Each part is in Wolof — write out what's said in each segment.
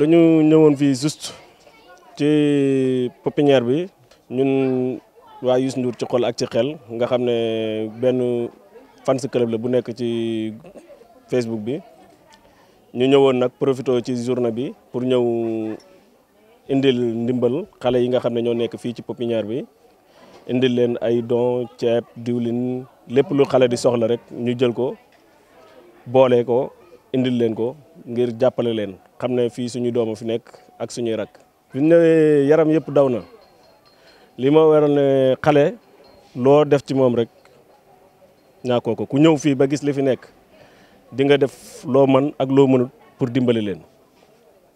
dañu ñëwoon fii juste ci pépinière bi ñun waa Youssou Ndour ci xol ak ci xel nga xam ne benn fans club la bu nekk ci Facebook bi ñu ñëwoon nag profité ci journée bi pour ñëw indil ndimbal xale yi nga xam ne ñoo nekk fii ci pépinière bi indil leen ay don ceeb diwlin lépp lu xale di soxla rek ñu jël ko boole ko indil leen ko ngir jàppale leen. xamne fi suñu dooma fi nek ak suñu rak bi mu ñëwee yaram yëpp dawna na li ma waral ne xalé lo def ci mom rek ñaakoo ko ku ñew fi ba gis li fi nek di nga def lo man ak lo mënut pour dimbali leen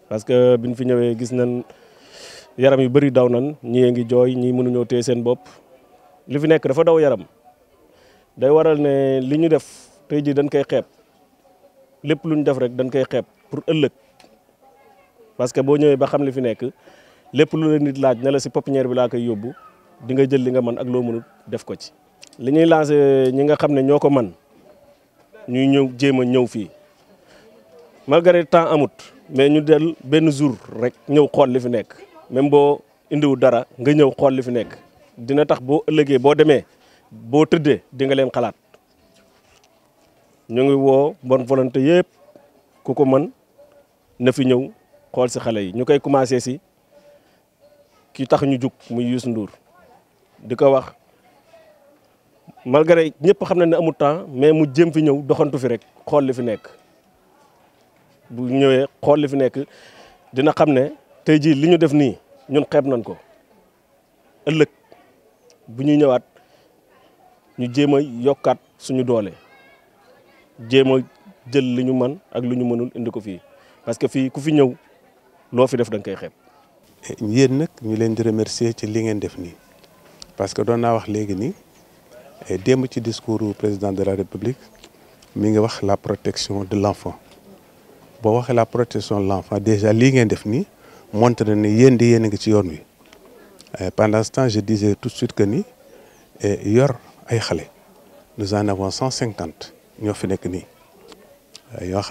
parce que biñ fi ñewé gis nañ yaram yu bari daw nan ñii ngi ñi mënu ñoo té seen bop li fi nek dafa daw yaram day waral ne li ñu def tay ji dañ koy xép lepp luñ def rek dañ koy xép pour ëlëk parce que boo ñëwee ba xam li fi nekk lépp lu la nit laaj na la si pépinière bi laa koy yóbbu di nga jël li nga man ak loo mënut def ko ci. li ñuy lancé ñi nga xam ne ñoo ko man ñuy ñëw jéem a ñëw fii malgré temps amut mais ñu del benn jour rek ñëw xool li fi nekk même boo indiwu dara nga ñëw xool li fi nekk dina tax boo ëllëgee boo demee boo tëddee dinga leen xalaat ñu ngi woo bon volonté yëpp ku ko man na fi ñëw. xool si xale yi ñu koy commencé si ki tax ñu jug mu Youssou nduur di ko wax malgré ñëpp xam na ne amul temps mais mu jëm fi ñëw doxantu fi rek xool li fi nekk bu ñëwee xool li fi nekk dina xam ne tey jii li ñu def nii ñun xeeb nañ ko ëllëg bu ñuy ñëwaat ñu jéem a yokkaat suñu doole jéem a jël li ñu man ak lu ñu mënul indi ko fii parce que fii ku fi ñëw Nous avons fait des choses. Nous avons de remercier ce que nous avons fait. Parce que nous avons fait des Et dès le discours du président de la République, nous avons fait la protection de l'enfant. Si vous avez la protection de l'enfant, déjà, ce que nous montre que nous avons fait des Pendant ce temps, je disais tout de suite que nous avons fait Nous en avons 150. Nous avons fait des choses.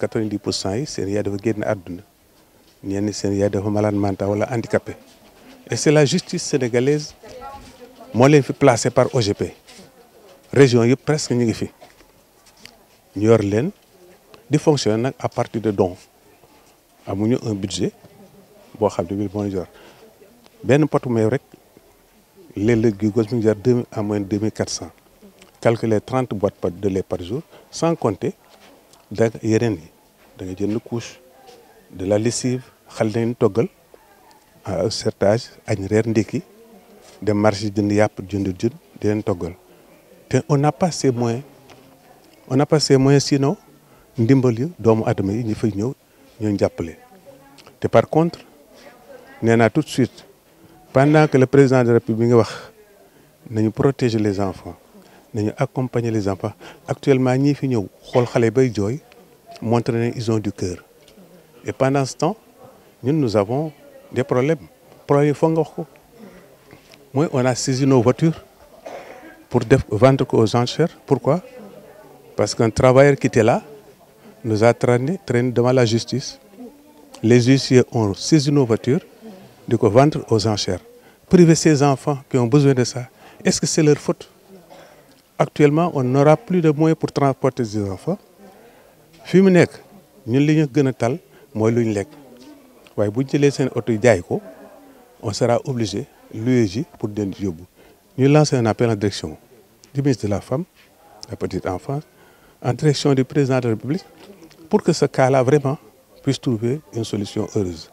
90% de ce que nous avons il y a des gens malades ou handicapés. Et c'est la justice sénégalaise, moi je l'ai placée par OGP. région est presque négligée. Nous avons l'air, des fonctionnaires à partir de dons. Nous avons un budget pour 2 000 dollars. Mais nous ne pouvons pas nous dire que les légumes sont à moins 2400. 2 400. Calculer 30 boîtes de lait par jour, sans compter les rénés, les couches de la lessive xale nañ toggal ah, sertage agn reer ndiki dem marché jënd yap jënd jën di toggal on n'a pas ces moyens on n'a pas ces moyens sinon ndimbal yu doomu adama yi ñu fay ñew jappalé par contre néna a tout de suite pendant que le président de la République nga wax nañu protéger les enfants nañu accompagner les enfants actuellement ñi fi ñew xol xalé bay joy montre ils ont du cœur et pendant ce temps, nous, nous avons des problèmes. Moi, on a saisi nos voitures pour vendre aux enchères. Pourquoi Parce qu'un travailleur qui était là nous a traîné, traîné devant la justice. Les huissiers ont saisi nos voitures, de vendre aux enchères. Priver ces enfants qui ont besoin de ça, est-ce que c'est leur faute Actuellement, on n'aura plus de moyens pour transporter ces enfants. Fuminek, nous l'avons moi luñ suis buñ on sera obligé louer pour den yóbbu Nous lancer un appel en direction du ministre de la femme la petite enfance en direction du président de la République pour que ce cas-là vraiment puisse trouver une solution heureuse.